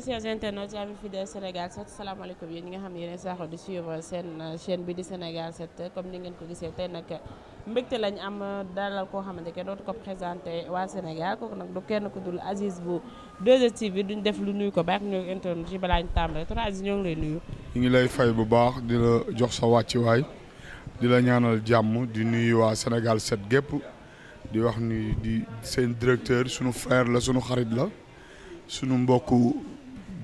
amis chers internautes amis fidèles Sénégal 7 salaamaaleykum yéen ñi nga xam ne yéen saxo di suivre seen chaîne bi di Sénégal 7 comme ni ngeen ko gisee tey nag mbégte lañu am dalal koo xamante ne dootu ko présenté waa Sénégal kooku nag du kenn ku dul Aziz bu 2 duñ def lu nuyu ko baax ñoo internet ci balaañ ñu tàmbalee tonton Aziz ñoo ngi lay nuyu. ñu ngi lay fay bu baax di jox sa wàcciwaay di la ñaanal jàmm di nuyu waa Sénégal 7 gépp di wax ni di seen directeur sunu frère la sunu xarit la. sunu mbokku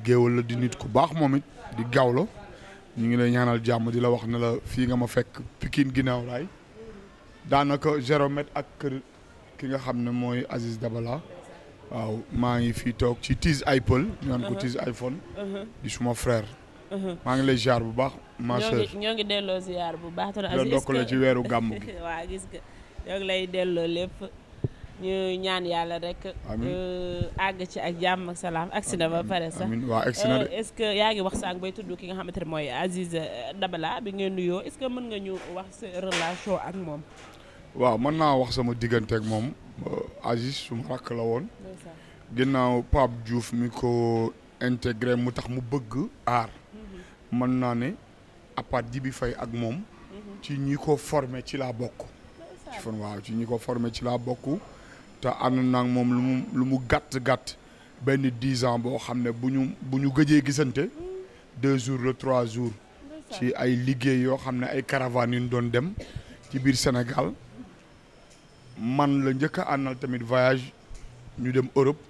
géwal la di nit ku baax moom it di gawlo ñu ngi lay ñaanal jàmm di la wax ne la fii nga ma fekk Pikine ginnaaw raay daanaka zéro ak kër ki nga xam ne mooy Aziz Dabala waaw maa ngi fii toog ci Tiz Apple ñu naan ko uh-huh. Tiz iPhone uh-huh. di suma frère uh-huh. maa ngi lay ziar bu baax ma ñoo ngi delloo ziar bu baax la ci weeru gàmm bi waaw gis nga ñoo ngi lay delloo lépp ñu ñaan yàlla rek. Euh, àgg ci ak jàmm ak salaam agsi na ba pare sax. waa agsi na de euh, est-ce que yaa ngi wax sànq bay tudd ki na xamante ne mooy Aziz euh, Dabala bi ngeen nuyoo est mën nga ñu wax sa relation ak moom. waaw mën naa wax sama diggante ak moom Aziz suma rakk la woon. ginnaaw Pape Diouf mi ko intégré mu tax mu bëgg aar. Mm-hmm. mën naa ne à part Djibi Faye ak moom. Mm-hmm. ci ñi ko formé ci laa bokk. ci waaw ci ñi ko formé ci laa bokk. te ànd moom lu mu lu mu gàtt gàtt benn dix ans boo xam ne bu ñu bu ñu gëjee gisante deux jours le trois jours ci ay liggéey yoo xam ne ay caravanes yu doon dem ci biir Sénégal man la njëkk a tamit voyage ñu dem Europe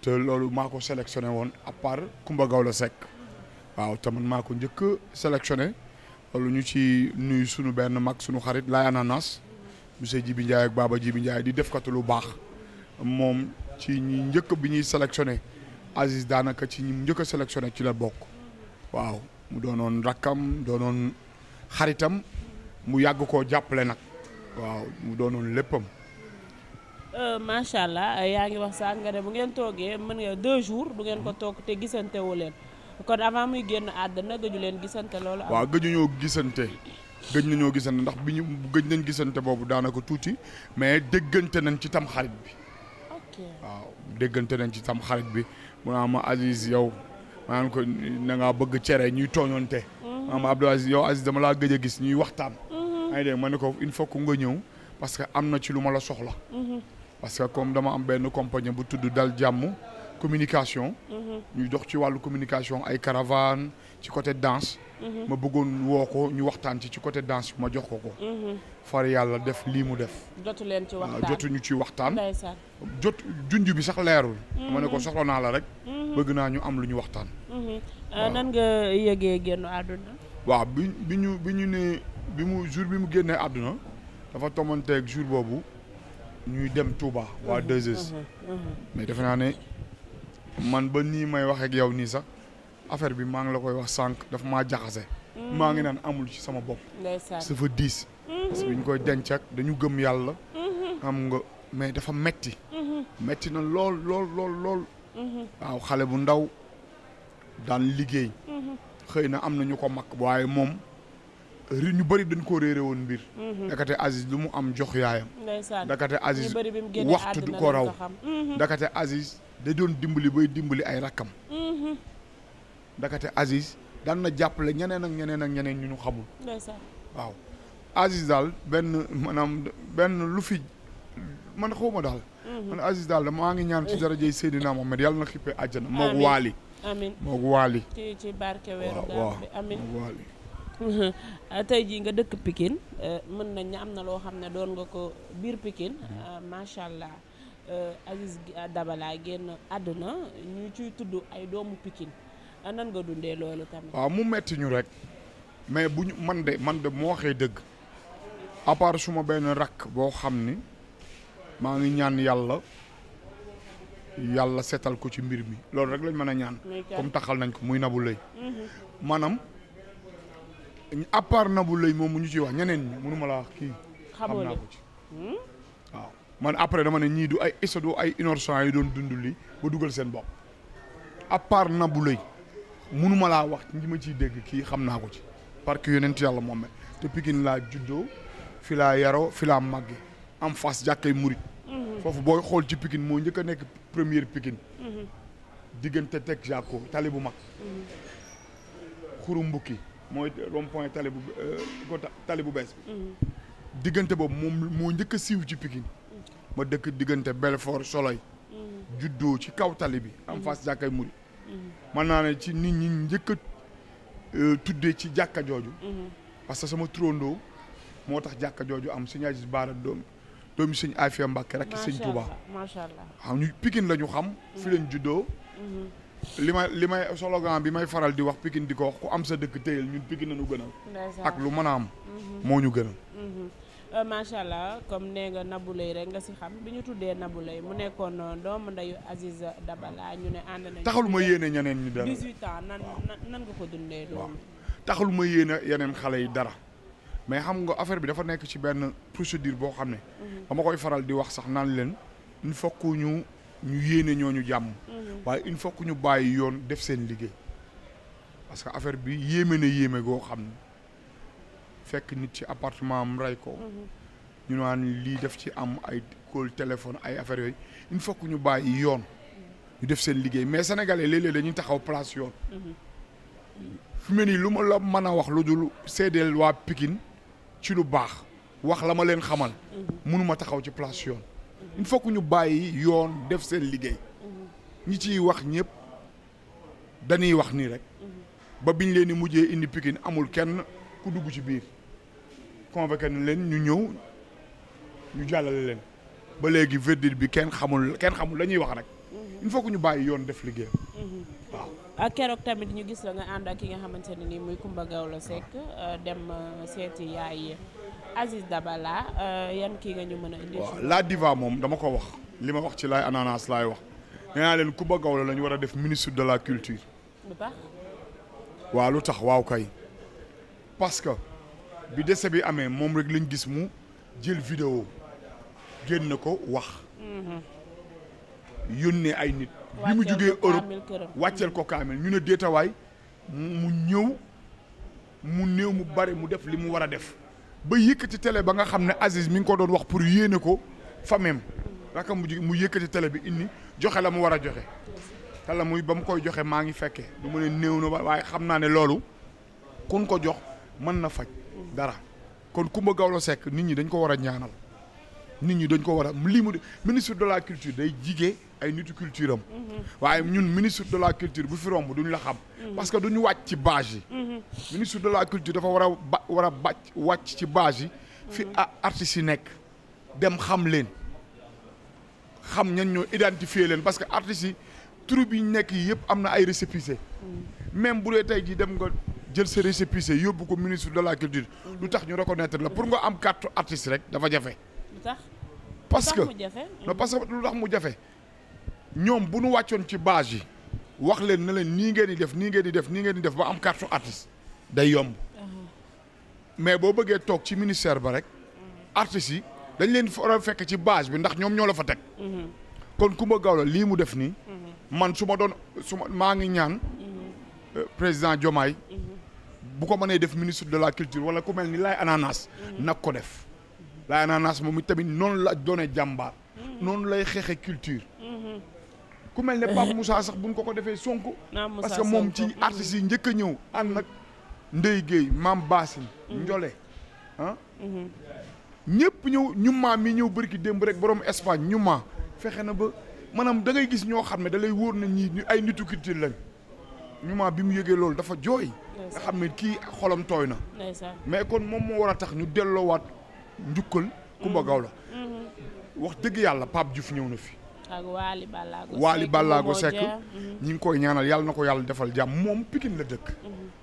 te loolu maa ko sélectionné woon à part Kumba Gawlo waaw te man maa ko njëkk a sélectionné loolu ñu ci nuyu sunu benn mag sunu xarit laay ananas monsieur Jibi Ndiaye ak Baba Jibi Ndiaye di def katu lu baax moom ci ñi njëkk bi ñuy sélectionné Aziz daanaka ci ñi njëkk a ci la bokk waaw mu doonoon rakkam doonoon xaritam mu yàgg koo jàppale nag waaw mu doonoon léppam. Euh, macha allah yaa ngi wax sax nga ne bu ngeen toogee mën nga deux jours du ngeen ko toog te gisante wu leen kon avant muy génn àddina gëju leen gisante loolu. waa gëju ñoo gisante. gëj nañoo gisante ndax bi ñu gëj nañ gisante boobu daanaka tuuti mais déggante nañ ci tam xarit bi. waaw déggante nañ ci tam xarit bi mu ma Aziz yow maanaam ko na ngaa bëgg cere ñuy tooñoonte. maanaam mhm. Abdou Aziz yow Aziz dama laa gëj a gis ñuy waxtaan. Mhm. yaa ngi ma ne ko il faut que nga ñëw parce que am na ci lu ma la soxla. Mhm. parce que comme dama am benn compagnie bu tudd dal jàmm communication. ñuy dox ci wàllu communication ay caravane ci côté danse. Mhm. ma bëggoon woo ko ñu waxtaan ci ci côté danse ma jox ko ko. Mhm. far yàlla def lii mu def. jotu leen ci waxtaan ah, jotuñu ci waxtaan. jot junj bi sax leerul. Mhm. ma ne ko soxla naa la rek. bëgg naa ñu am lu ñu waxtaan. Euh, nan nga yëgee génn àdduna. waaw bi bi ñu bi ñu ne bi mu jour bi mu génnee àdduna dafa tomanteeg jour boobu ñuy dem Touba waa 2S. mais defe naa ne man ba nii may wax ak yow nii sax. affaire bi maa ngi la koy wax sànq dafa ma jaxase. maa ngi naan amul ci sama bopp. ndeysaan fa diis. parce que ñu koy denc dañu gëm yàlla. xam nga mais dafa metti metti na lool lool lool waaw xale bu ndaw daan liggéey. xëy na am na ñu ko mag waaye moom ri ñu bari dañ ko réere woon mbir. dakate Aziz lu mu am jox yaayam. dakate Aziz waxtu du ko raw. dakate Aziz da doon dimbali bay dimbali ay rakkam. ndakate Aziz daan na jàppale ñeneen ak ñeneen ak ñeneen ñu ñu xamul. waaw Aziz daal benn maanaam benn lu fi man xaw ma daal. Mhm. man Aziz daal da maa ngi ñaan ci eh. darajay Seydina Mohamed yàlla na xippee àjjana. amiin moog waali. amiin moog waali. ci tey jii nga dëkk Pikine eh, mën nañ ne am na loo xam ne doon nga ko biir pikin mhm. eh, macha allah Aziz Dabala génn àdduna ñu ciy tudd ay doomu Pikine. Ah, nan nga dundee loolu tamit. waaw mu metti ñu rek mais bu man de man de moo waxee dëgg à part suma benn rakk boo xam ni maa ngi ñaan yàlla yàlla seetal ko ci mbir mi loolu rek lañ mën a ñaan. comme taxal nañ ko muy Nabou Leye. Mhm. maanaam à part Nabou Leye moom mu ñu ci wax ñeneen ñi mënuma la wax kii. xam naa ko ci hmm? waaw. man après dama ne ñii du ay isado ay innocent yi doon dund li ba dugal seen bopp à part Nabou mënuma laa wax ñi ma ci dégg kii xam naa ko ci parce que yonent yàlla moom te pikin laa juddoo fi laa yaroo fi laa màgge am face jàkkay murit mhm. foofu booy xool ci Pikine moo njëkk a nekk première Pikine mhm. diggante teg Jaco tali bu mag mhm. xuru mbukki mooy rond point tali bu euh, tali bu bees diggante boobu moom moo njëkk a siiw ci Pikine ma dëkk diggante Belfort Soloy juddoo ci kaw tali bi am face jàkkay murit man naa ne ci nit ñi njëkk a euh, tuddee ci jàkka jooju. parce que sama turandoo moo tax jàkka jooju am sëñ Aziz Baara doom doomi sëñ Afia Mbàkke rek sëñ Touba. macha allah waaw ñu Pikine la ñu xam. fi lañ juddoo. li may li may slogan bi may faral di wax pikin di ko wax ku am sa dëkk téyel ñun Pikine nañu gënal. ak lu mën a am. Mhm. moo ñu gënal. Mhm. Euh, macha allah comme nee nga Nabou Leye rek nga bi ñu tuddee Nabou mu nekkoon euh, doomu ndeyu Aziz Dabala ñu taxul ma yéene ñeneen ñi dara 18 ans nan nan ko dundee. taxul ma yéene yeneen xale yi dara. mais xam nga affaire bi dafa nekk ci benn procédure boo xam ne. Mhm. ma koy faral di wax sax naan leen il faut que ñu ñu yéene ñooñu jàmm. Mhm. waaye il faut ñu bàyyi yoon def seen liggéey. parce que affaire bi yéeme na yéeme goo xam ne. fekk nit ci appartement am rey ko. Mhm. ñu naan lii def ci am ay call téléphone ay affaires yooyu il faut ñu bàyyi yoon. ñu def seen liggéey mais sénégalais léeg-léeg dañuy taxaw place yoon. Mhm. fu mu ne nii lu ma la mën a wax lu dul seedeel waa Pikine ci lu baax wax la ma leen xamal. Mhm. mënuma taxaw ci place yoon. il faut ñu bàyyi yoon def seen liggéey. ñi ciy wax ñëpp dañuy wax nii rek. ba biñ leen di mujjee indi Pikine amul kenn ku dugg ci biir. convoqué na leen ñu ñëw ñu jàllale leen ba léegi verdict bi kenn xamul kenn xamul la ñuy wax rek mhm. il faut que ñu bàyyi yoon def liggéeyam mhm. waaw ak keroog tamit ñu la nga ànd ak ki nga xamante ne nii muy Kumba Gawlo Seck euh, dem euh, seeti euh, yan kii nga ñu mën a indi waaw la diva moom dama ko wax li ma wax ci laay ananas laay wax nee naa leen Kumba Gawlo la war a def ministre de la culture lu lu tax waaw kay parce bi décès bi amee moom rek lañ gis mu jël vidéo génn ko wax mm-hmm. yónnee ay nit bi mu jógee Europe wàcceel ko kaamil ñu ne déetawaay mu ñëw mu néew mu bari mu def li mu war a def ba yëkkati tele ba nga xam ne Aziz mi ngi ko doon wax pour yéene ko famem mm-hmm. raka mu mu yëkkati tele bi indi joxe la mu war a joxe te la muy ba mu koy joxe maa ngi fekkee du ma ne néew na waaye xam naa ne loolu kun ko jox mën na faj dara kon Coumba Gawlo Seck nit ñi dañ ko war a ñaanal nit ñi dañ ko war a lii mu ministre de la culture day jigee ay nitu culture am mm-hmm. waaye ñun ministre de la culture bu fi romb duñ la xam mm-hmm. parce que duñu wàcc ci bâche yi mm-hmm. ministre de la culture dafa war a ba war a bàcc wàcc ci bâche yi fi artistes yi nekk dem xam leen xam ñan ñoo identifier leen parce que artistes yi troupe yi nekk yëpp am na ay récépissé même bu dee tey jii dem nga jël sa récépissé yóbbu ko ministre de la culture. lu tax ñu reconnaître la pour nga am carte artiste rek dafa jafe. lu tax parce que parce que lu tax mu jafe ñoom bu nu wàccoon ci base yi wax leen na leen nii ngeen di def nii ngeen di def nii ngeen di def ba am carte artiste day yomb. Uh-huh. mais boo bëggee toog ci ministère ba rek. Uh-huh. artistes yi dañ leen fa fekk ci base bi ndax ñoom ñoo la fa teg. Uh-huh. kon Coumba Gawlo lii mu def nii. man su ma doon su ma maa ngi ñaan. Euh, président Diomaye. bu ko mënee def ministre de la culture wala ku mel ni Laye Ananas mm. nag ko def Laye Ananas moom tamit noonu la doone jàmbaar mm. noonu lay xeexe culture mm-hmm. ku mel ne Pape Moussa sax buñ ko ko defee sonk parce que moom ci artistes yi njëkk ñëw mm-hmm. an nag Ndeye Gueye Mame Bassine mm-hmm. Ndiolé ah ñëpp ñëw ñu maa mi ñëw bërki ki démb rek borom Espagne ñu fexe na ba maanaam da ngay gis ñoo xam ne dalay lay wóor na ñi ay nitu culture lañ moment bi mu yëgee loolu dafa jooy. nga xam ne kii xolam tooy na. mais kon moom moo war a tax ñu delloowaat njukkal. Kumba mm-hmm. Gawla. Mm-hmm. wax dëgg yàlla Pape Diouf ñëw na fi. ak Waly Ballago Seck Waly Ballago mm-hmm. ngi koy ñaanal yàlla na ko yàlla defal jàmm moom pikin la dëkk.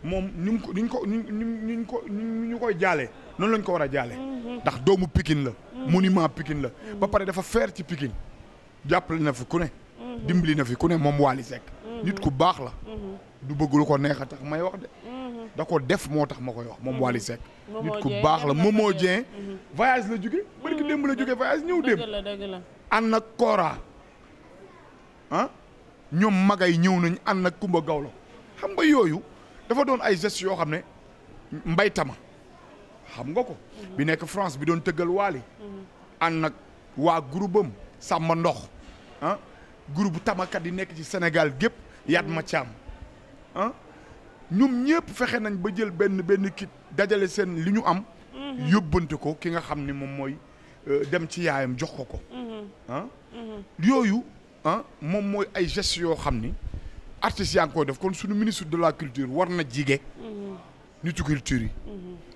moom ñu mu ko ni ñu ko ñu ko ñu koy jaalee noonu lañ ko war a jaalee. ndax doomu pikin la. monument pikin la. ba pare dafa feer ci pikin jàppale na fi ku ne. dimbali na fi ku ne moom Waly Seck. nit ku baax la. du bëgg lu ko neex a tax may wax de. da ko def moo tax ma koy wax moom Wally Seck. nit ku baax la Momo Dieng. Mhm. voyage la jóge barki démb la jóge voyage ñëw démb. dëgg la dëgg la ànd ak Kora ah ñoom magay ñëw nañ ànd ak Kumba Gawlo xam nga yooyu dafa doon ay gestes yoo xam ne tama xam nga ko. Mhm. bi nekk France bi doon tëggal Wally. Mhm. ànd nag waa groupe am sàmm ndox ah groupe tamakat yi nekk ci Sénégal gépp yaat ma caam ah ñoom fexe nañ ba jël benn benn kit dajale seen li ñu am. Mhm. yóbbante ko ki nga xam ni moom mooy euh, dem ci yaayam jox ko ko. Mhm. ah mhm. yooyu ah, moom mooy ay gestes yoo xam ni artistes yaa ngi koy def kon suñu ministre de la culture war na jige nitu culture yi.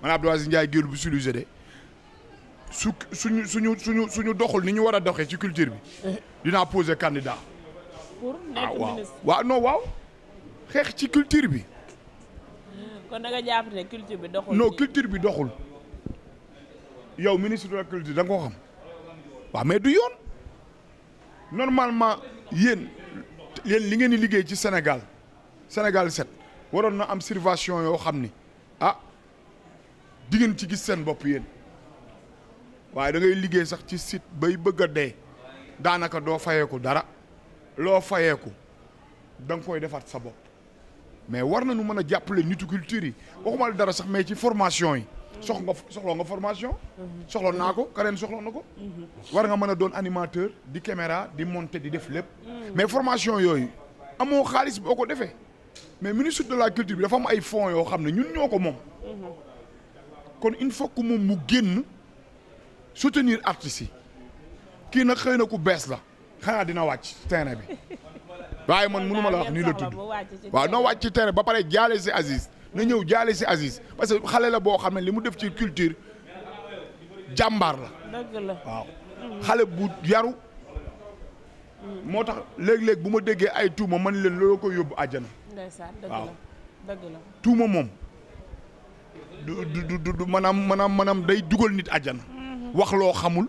man Abdou Aziz Ndiaye géwél bu Suluse de su suñu suñu suñu suñu doxul ni ñu war a doxee ci culture bi eh. dinaa poser candidat. pour nekk ah, waaw xeex ci culture bi. kon da bi doxul. non culture bi doxul yow ministre de la culture ko xam waaw mais du yoon normalement yéen yéen li ngeen di liggéey ci Sénégal Sénégal set waroon na am situation yoo xam ni ah di ci gis seen bopp yéen waaye dangay liggéey sax ci site bay bëgg a dee daanaka doo ko dara. loo fayeeku da nga koy defaat sa bopp mais war na nu mën a jàppale nitu culture yi waxuma dara sax mais ci formation yi sox nga soxla nga formation soxla naa ko keneen soxla na ko war nga mën a doon animateur di caméra di monter di def lépp mais formation yooyu amoo xaalis boo ko defee mais ministre de la culture bi dafa am ay fonds yoo xam ne ñun ñoo ko moom kon il faut que moom mu génn soutenir artistes yi kii nag xëy na ku bees la xanaa dina wàcc terrain bi waaye man mënu la wax nii la tudd waaw noo wàcc ci terrain ba pare jaale si Aziz na ñëw jaale si Aziz parce que xale la boo xam ne li mu def ci culture jàmbaar la waaw xale bu yaru moo tax léeg-léeg bu ma déggee ay tuuma man leen loolu koy yóbbu àjjana waaw tuuma moom du du du maanaam maanaam maanaam day dugal nit àjjana mm-hmm. wax loo xamul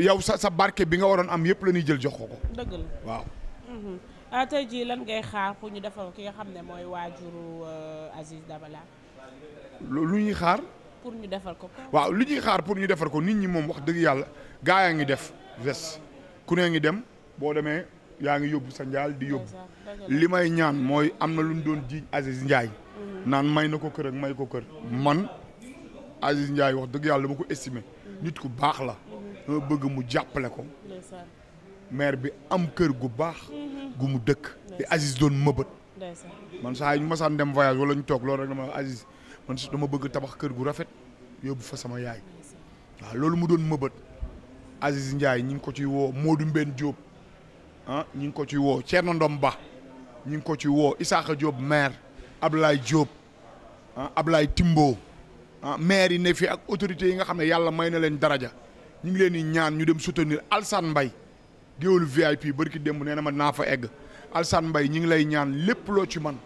yow sa sa barke bi nga waroon am yëpp la ñuy jël jox ko ko. waaw. Mm-hmm. Ah, ñu defal ki nga xam ne mooy waajuru euh, Aziz lu ñuy xaar. pour ñu defal ko waaw lu ñuy xaar pour ñu defal ko nit ñi moom wax dëgg yàlla gaa yaa ngi def ves ku nee ngi dem boo demee yaa ngi yóbbu sa njaal di yóbbu. li may ñaan mooy am na lu ñu doon jiiñ Aziz Ndiaye. Mm-hmm. naan may na ko kër ak may ko kër. man Aziz Ndiaye wax dëgg yàlla dama ko estime mm-hmm. nit ku baax la. dama bëgg mu jàppale ko maire bi am kër gu baax mm-hmm. gu mu dëkk di Aziz doon mëbët man saa yi ñu masaan dem voyage wala ñu toog loolu rek dama Aziz man si dama bëgg tabax kër gu rafet yóbbu fa sama yaay waaw loolu mu doon mëbët Aziz Ndiaye ñi ngi ko ci woo Modou Mbène Diop ah ñi ngi ko ci woo Thierno Ndom Ba ñi ngi ko ci woo Isaka Diop maire Ablaye Diop ah Ablaye Timbo ah maire yi ne fii ak autorités yi nga xam ne yàlla may na leen daraja ñu ngi leen di ñaan ñu dem soutenir Alsane Mbaye géwélu VIP barki démb nee na ma naa fa egg Alsane mbay ñu ngi lay ñaan lépp loo ci man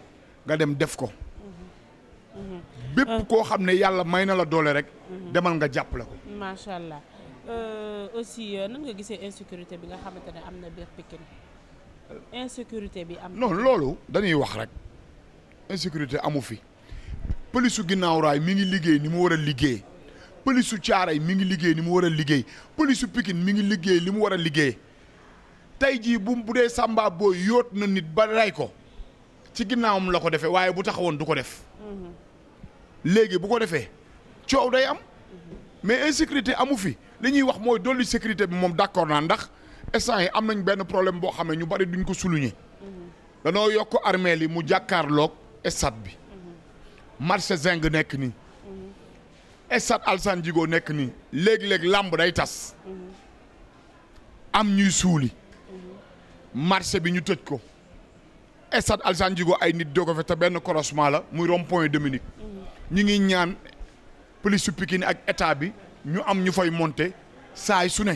nga dem def ko bépp euh. koo xam ne yàlla may na la doole rek mhm. demal nga jàppale ko macha allah euh, aussi euh, nan nga gisee insécurité bi nga xamante ne am na biir Pikine insécurité bi am non loolu dañuy wax rek insécurité amu fi polisu ginnaaw raay mi ngi liggéey ni mu war a liggéey polisu Caaray mi ngi liggéey ni mu war a liggéey polisu Pikine mi ngi liggéey li mu war a liggéey tey jii bu bu dee Samba Boy yóot na nit bari rey ko ci ginnaawam la ko defee waaye bu taxawoon du ko def léegi bu ko defee coow day am mais insécurité amu fi li ñuy wax mooy dolli sécurité bi moom d'accord naa ndax instant yi am nañu benn problème boo xam ne ñu bari duñ ko souligner danoo yokk armeel yi mu jàkkaarloog stade bi marché zinc nekk nii stade Alassane Djigo nekk nii léegi léeg làmb day tas am ñuy suuli marché bi ñu tëj ko stade Alassane Djigo ay nit dogo fe te benn croisement la muy rond point Dominique ñu ngi ñaan police su Pikine ak état bi ñu am ñu fay monter saay su ne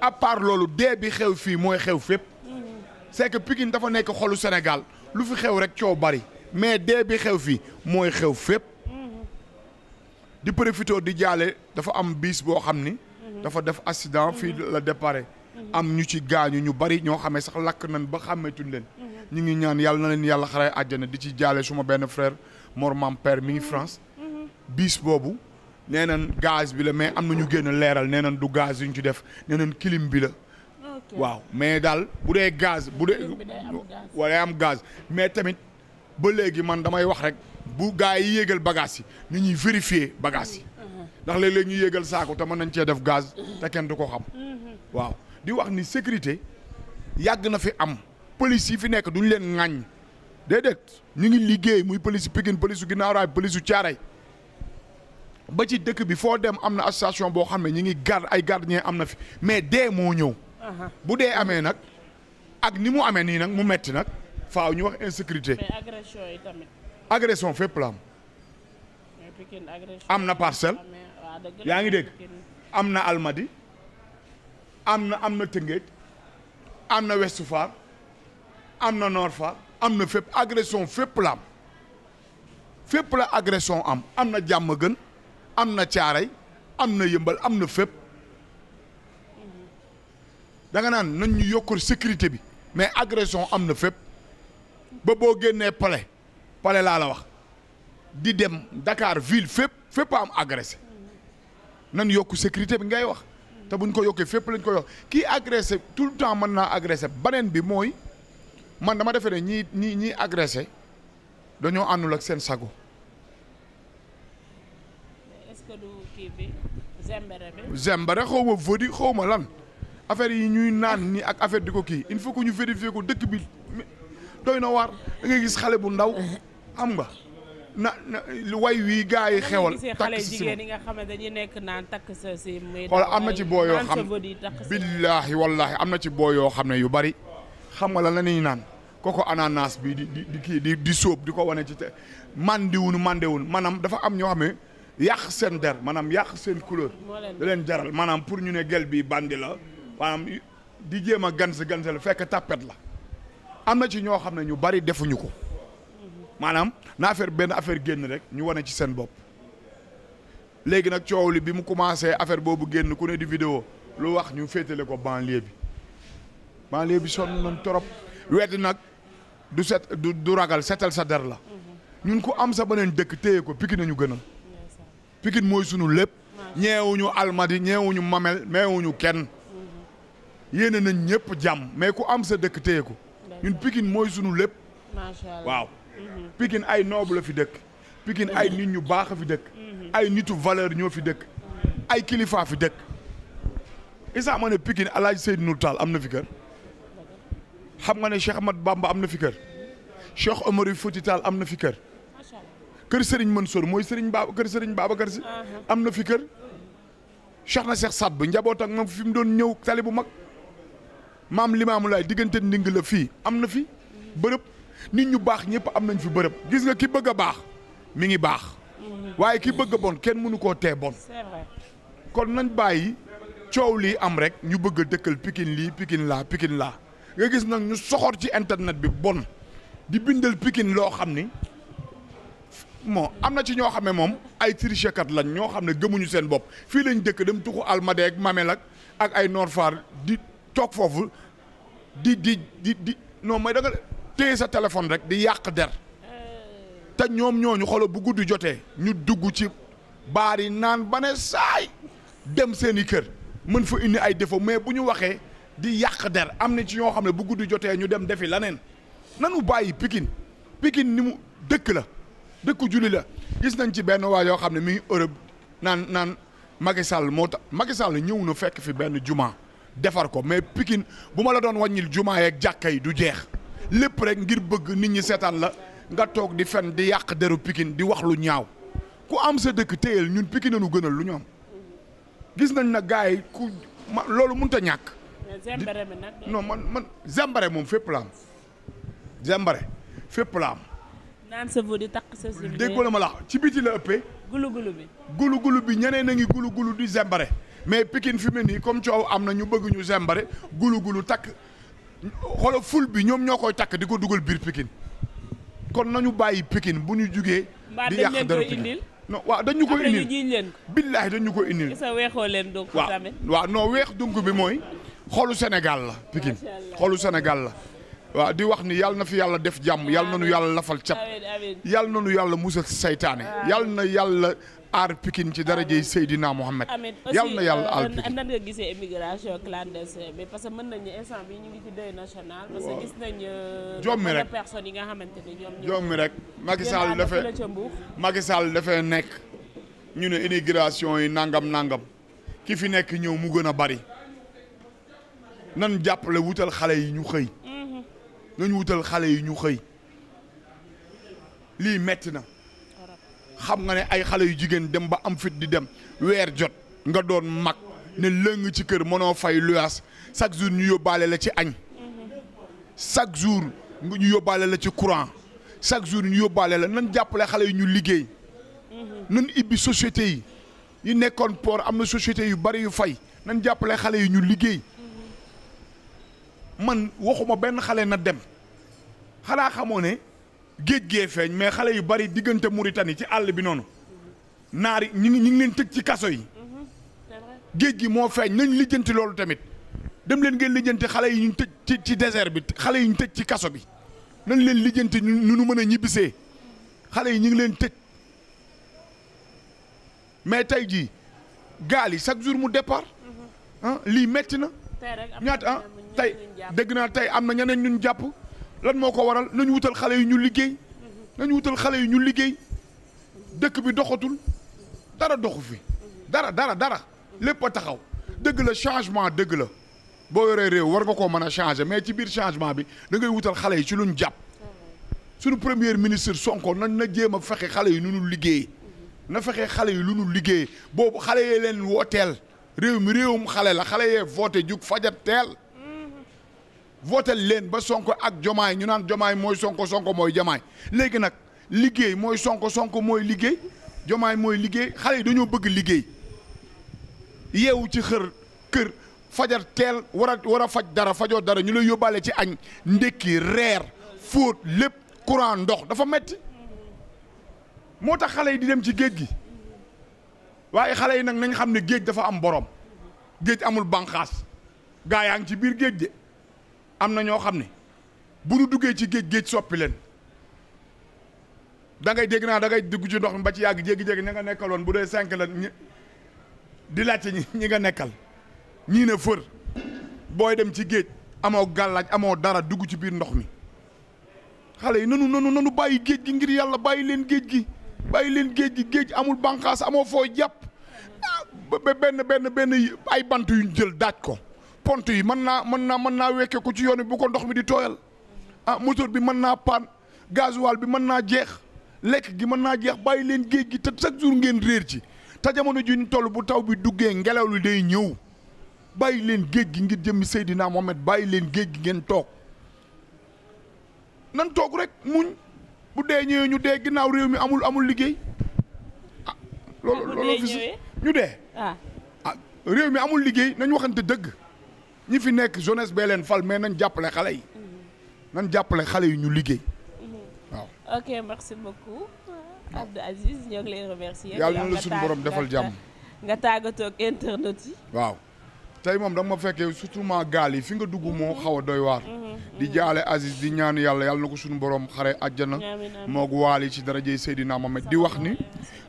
à part loolu dee bi xew fii mooy xew fépp c'est que Pikine dafa nekk xolu Sénégal lu fi xew rek coow bari mais dee bi xew fii mooy xew fépp di profité di jaale dafa am biis boo xam ni. Mhm. dafa def accident fii mhm. la déparé. Mhm. am ñu ci gaañu ñu bari ñoo xamee sax lakk nañ ba xàmmeetuñ leen. ñu ngi ñaan yàlla na leen yàlla xaree àjjana di ci jaale suma benn frère Mor Mam père mi ngi France. biis boobu nee nañ gaz bi la mais am na ñu génn leeral nee nañ du gaz yu ñu ci def nee nañ bi la. waaw mais daal bu dee gaz bu dee. wala am gaz mais tamit ba léegi man damay wax rek. bu gars yi yéegal bagage yi ni ñuy vérifier bagage yi ndax léeg-léeg ñu yéegal saako te mën nañ cee def gaz te kenn du ko xam waaw di wax ni sécurité yàgg na fi am police yi fi nekk duñ leen ŋàññ déedéet ñu ngi liggéey muy police Pikine police su Ginnaaw Raay police su Caaray ba ci dëkk bi foo dem am na association boo xam ne ñu ngi garde ay gar gardien am na fi mais dee moo ñëw bu dee amee nag ak ni mu amee nii nag mu metti nag faaw ñu wax insécurité agression fépp la am. am na parcelle. yaa ngi dégg am na almadi am na am na tëngéej am na Ouest am na Nord am na fépp agression fépp la fépp la agression am am na jàmm gën am na caaray am na yëmbal am na fépp danga naan nañ ñu yokkul sécurité bi mais agression am na fépp ba boo génnee palais pale laa la wax di dem dakaar ville fépp fépp am agressé nan yokku sécurité bi ngay wax te buñ ko yokkee fépp lañ ko yokk kii agressé tout le temps mën naa agressé beneen bi mooy man dama defee ne ñii ñii ñii agressé dañoo àndul ak seen sago. est-ce que du xaw ma vodi xaw ma lan affaire yi ñuy naan nii ak affaire di ko kii il faut que ñu vérifier ko dëkk bi doy na waar da ngay gis xale bu ndaw. am nga na na way wii gars yi xewal. takk si si nga xam ne nekk naan takk sa xool am na ci boo yoo xam billaahi wallaahi am na ci boo yoo xam ne yu bari xam nga lan la ñuy naan kooku ananas bi di di kii di di di ko wane ci te mandiwunu mandiwunu maanaam dafa am ñoo xam ne yàq seen der maanaam yàq seen couleur. da leen jaral maanaam pour ñu ne gel bii bandi la maanaam di jéem a gans gansel fekk tapet la am na ci ñoo xam ne ñu bari defuñu ko. maanaam na affaire benn affaire génn rek ñu wane ci seen bopp léegi nag coow li bi mu commencé affaire boobu génn ku ne di vidéo lu wax ñu féetale ko banlieue bi banlieue bi sonn nañ trop weddi nag du set du du ragal setal sa der la ñun ku am sa beneen dëkk téye ko Pikine nañu gënal Pikine mooy sunu lépp ñeewuñu almadi ñeewuñu mamel meewuñu kenn yéene nañ ñëpp jàmm mais ku am sa dëkk téye ko ñun Pikine mooy sunu lépp waaw Pikine ay noble la fi dëkk. Pikine ay nit ñu baax a fi dëkk. Mhm. ay nitu valeur ñoo fi dëkk. ay kilifa fi dëkk. Issa ma ne Pikine El Hadj Seydou am na fi kër. xam nga ne Cheikh Ahmad Bamba am na fi kër. Cheikh Omar Fouti Tall am na fi kër. kër mën Mansour mooy Serigne Ba kër Serigne Babacar Si. Mhm. am na fi kër. Cheikh na Cheikh Saad bu njaboot ak fi mu doon ñëw tali bu mag. maam Limaamu Laay diggante nding fii am na fi bërëb. nit ñu baax ñëpp am nañ fi bërëb gis nga ki bëgg a baax mi ngi baax waaye ki bëgg a bon kenn mënu koo tee bon kon nañ bàyyi coow lii am rek ñu bëgg a dëkkal pikin lii pikin laa pikin laa nga gis nag ñu soxor ci internet bi bon di bindal pikin loo xam ni moo am na ci ñoo xam ne moom ay trichekat lañ ñoo xam ne gëmuñu seen bopp fii lañ dëkk dem tuxu almadeeg mamel ak ak ay norfar di toog foofu di di di di non mooy da téye sa téléphone rek di yàq der te ñoom ñooñu xoolal bu guddi jotee ñu dugg ci baar naan ba saay dem seen i kër mën fa indi ay défaut mais bu ñu waxee di yàq der am na ci ñoo xam ne bu guddi jotee ñu dem defi leneen nanu bàyyi Pikine pikin ni mu dëkk la dëkk julli la gis nañ ci benn waa yoo xam ne mi ngi Europe naan naan Macky Sall moo tax Macky Sall ñëw na fekk fi benn juma defar ko mais Pikine bu ma la doon wàññil juma yeeg jàkka yi du jeex. lépp rek ngir bëgg nit ñi seetaan la nga toog di fen di yàq deru pikin di wax lu ñaaw ku am sa dëkk téyel ñun Pikine nu gënal lu ñu am gis nañ na gaay yi ku ma loolu mënut ñàkk. zembare bi nag man man zembare moom fépp la am zembare fépp la am. naan sa di takk sa si. déggoo la ma la ci biti la ëppee. gulu gulu bi. gulu gulu bi ñeneen a ngi gulu gulu di zembare mais pikin fi mu nii comme coow am na ñu bëgg ñu zembare gulu gulu takk. xoolal ful bi ñoom ñoo koy takk di ko dugal biir pikin kon nañu bàyyi Pikine bu ñu jugee. di yàq dara Pikine non dañu ko indil billaahi dañu ko indil. sa weexoo leen donc tamit waaw non weex dunk bi mooy xolu Sénégal la Pikine xolu Sénégal la waa di wax ni yàlla na fi yàlla def jàmm yàlla na nu yàlla lafal cap yàlla na yàlla musal seytaane yàlla yàlla aar Pikine ci darajay Seydina Mohamed. yàlla na yàlla euh, aar Pikine nan nga gisee immigration clandestine bi parce que mën nañu instant bi ñu ngi ci deuil national. parce que gis nañu. Euh, nekk. ñu ne immigration yi nangam nangam ki fi nekk ñëw mu gën a bari nan jàppale wutal xale yi ñu xëy. Mhm. nañ wutal xale yi ñu xëy lii metti na. xam nga ne ay xale yu jigéen dem ba am fit di dem weer jot nga doon mag ne lëng ci kër mënoo fay luyaas chaque jour ñu yóbbaale la ci añ chaque jour ñu yóbbaale la ci courant chaque jour ñu yóbbaale la nan jàppale xale yu ñu liggéey nan ibbi société yi yu nekkoon port am na société yu bari yu fay nan jàppale xale yu ñu liggéey man waxuma benn xale na dem xanaa xamoo ne géej gee feeñ mais xale yu bari diggante Mauritanie ci àll bi noonu naari ñu ngi ñu leen tëj ci kaso yi géej gi moo feeñ nañ lijjanti loolu tamit dem leen ngeen lijjanti xale yi ñu tëj ci ci désert bi xale yi ñu tëj ci kaso bi nañ leen lijjanti nu nu mën a ñibbisee xale yi ñu ngi leen tëj mais tey jii gaal yi chaque jour mu départ mm-hmm. ah lii metti na ñaata ah tey dégg naa tey am na ñeneen ñun jàpp lan moo ko waral nañu wutal xale yi ñu liggéey nañu wutal xale yi ñu liggéey dëkk bi doxatul dara doxu fi dara dara dara lépp a taxaw dëgg la changement dëgg la boo yoree réew war nga koo mën a changer mais ci biir changement bi da ngay wutal xale yi ci luñ jàpp suñu premier ministre Sonko na na jéem a fexe xale yi nu ñu liggéey na fexe xale yi lu ñu liggéey boobu xale yee leen wooteel réew mi réewum xale la xale yee voté jug fajat teel votel leen ba sonko ak jomaay ñu naan jomaay mooy sonko sonko mooy jomaay léegi nag liggéey mooy sonko sonko mooy liggéey jomaay mooy liggéey xale yi dañoo bëgg liggéey yeewu ci xër kër fajar teel war a war a faj dara fajoo dara ñu lay yóbbaale ci añ ndékki reer fóot lépp courant ndox dafa metti moo tax xale yi di dem ci géej gi waaye xale yi nag nañ xam ne géej dafa am borom géej amul banqaas gaa yaa ngi ci biir géej de am na ñoo xam ne bu ñu duggee ci géej géej soppi leen dangay ngay naa da ngay dugg ci ndox mi ba ci yàgg jéggi-jéggi ña nga nekkaloon bu dee cinq leen di laajte ñi ñi nga nekkal ñii ne fër booy dem ci géej amoo gàllaaj amoo dara dugg ci biir ndox mi xale yi nanu nanu nanu bàyyi géej gi ngir yàlla bàyyi leen géej gi bàyyi leen géej gi géej amul banqaas amoo foo jàpp ah, ba benn benn benn ay bant yuñ jël daaj ko pont yi mën naa mën naa mën naa wekke ko ci yoon bi bu ko ndox mi di tooyal a ah moteur bi mën naa paan gasoil bi mën naa jeex lekk gi mën naa jeex bàyyi leen géej gi te chaque jour ngeen réer ci te jamono ji ñu toll bu taw bi duggee ngelaw li day ñëw bàyyi leen géej gi ngir jëmmi seydinaa Mohamed bàyyi leen géej gi ngeen toog nan toog rek muñ bu dee ñëwee ñu dee ginnaaw réew mi amul amul liggéey ah loolu loolu ñu dee ah. ah réew mi amul liggéey nañ waxante dëgg ñi fi nekk jeunesse bee leen fal mee nañ jàppale xale yi. Mm-hmm. nañ jàppale xale yi ñu liggéey. Mm-hmm. waaw yàlla na la suñu borom defal jàmm nga tàggatoo ak internet yi. waaw tey moom danga ma fekkee surtout ma gaal yi fi nga dugg moo mm-hmm. xaw a doy waar. di jaale Aziz di ñaan yàlla yàlla na ko suñu borom xare àjjana. moog waali ci darajay Seydina Mohamed di wax ni.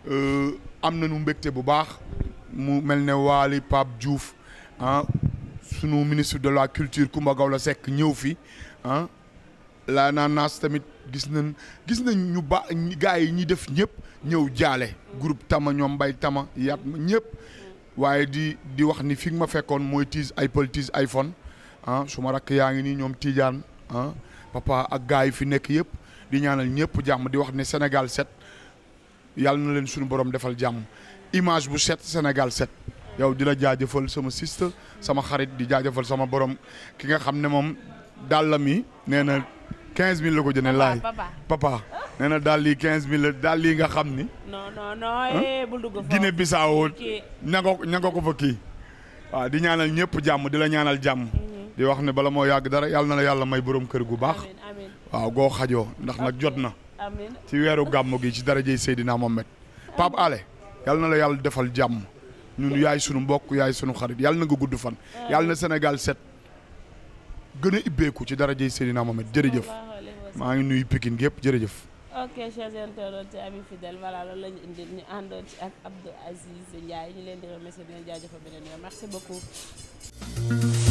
Euh, am na nañu mbégte bu baax mu mel ne waali Pape juuf sunu ministre de la culture Coumba Gawlo sekk ñëw fi ah la tamit gis na gis nañ ñu ba gars yi ñi def ñëpp ñëw jaale groupe Tama ñoom Mbay Tama yat ma ñëpp waaye di di wax ni fi nga ma fekkoon mooy tiis ay pël tiis iPhone ah su ma rakk yaa ngi nii ñoom tiijaan ah papa ak gars yi fi nekk yëpp di ñaanal ñëpp jàmm di wax ni Sénégal set yàlla na leen suñu borom defal jàmm image bu set Sénégal set yow di la jaajëfal sama siste sama xarit di jaajëfal sama borom ki nga xam ne moom dàll mi nee na 15000 la ko jëndee laay papa nee na daal lii 15000 la daal lii nga xam ni. non non non eh, bul dugg ko fa kii. waaw di ñaanal ñëpp jàmm di la ñaanal jàmm. Mhm. di wax ne bala moo yàgg dara yàlla na la yàlla may borom kër gu baax. waaw goo xajoo ndax nag jot na. ci weeru gàmm gi ci dara darajey Seydina Mohamed. Pape Ale yàlla na la yàlla defal jàmm. ñun yaay sunu mbokk yaay sunu xarit yàlla na nga gudd fan. yàlla na Sénégal set gën a ibbeeku ci dara jëy Seydina Mohamed jërëjëf. maa ngi nuyu pikin gépp jërëjëf. ok